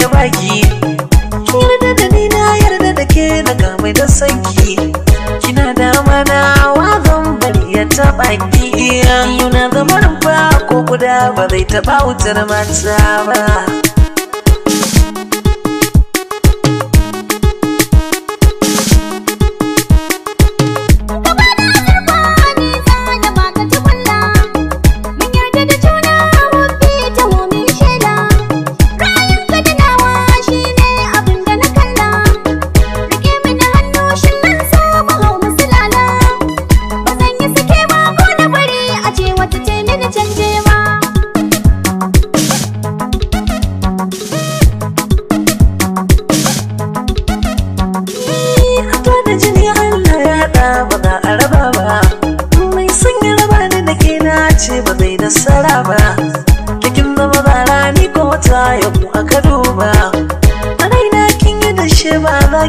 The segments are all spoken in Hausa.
ya baki yarda da ni na yarda da ke na mai da sanki kina da amana wa zan bari ya taba ki yau na zama ko guda ba zai taba wutar mata ba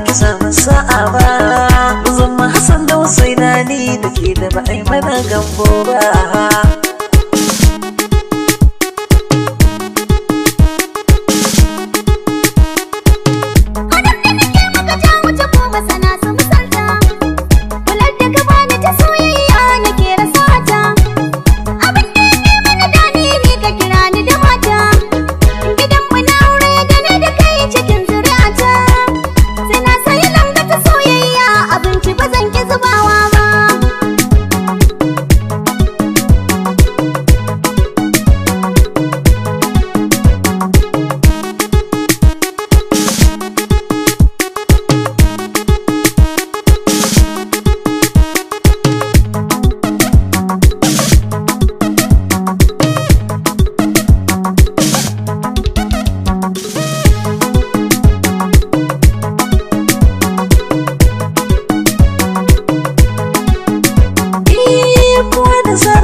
ki samu sa'a ba zama Hassan da wasu ni da ke da ba'ai mana gambo ba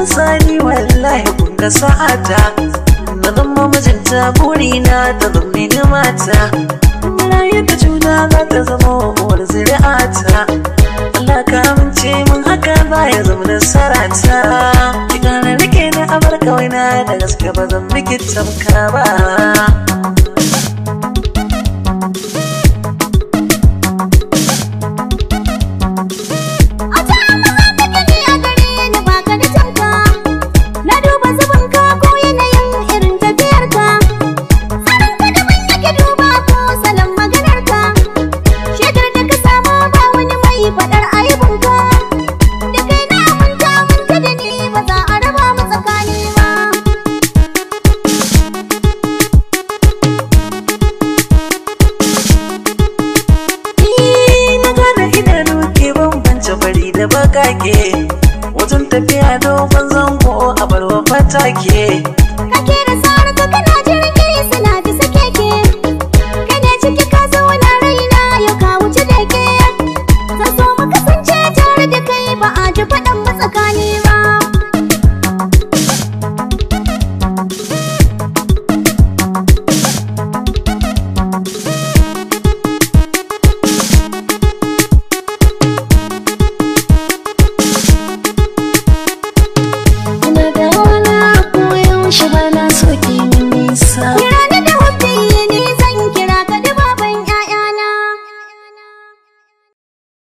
sani wallahi kun sa'ata na zama mijinta na ta zamne da mata rayu da juna za ta zama wa uwar zuri'ata Allah ka amince mun haka ba ya zama nasarata ki kana rike na abar na da gaske ba zan miki tamka ba take wajen tafiya dogon zango a barwa ke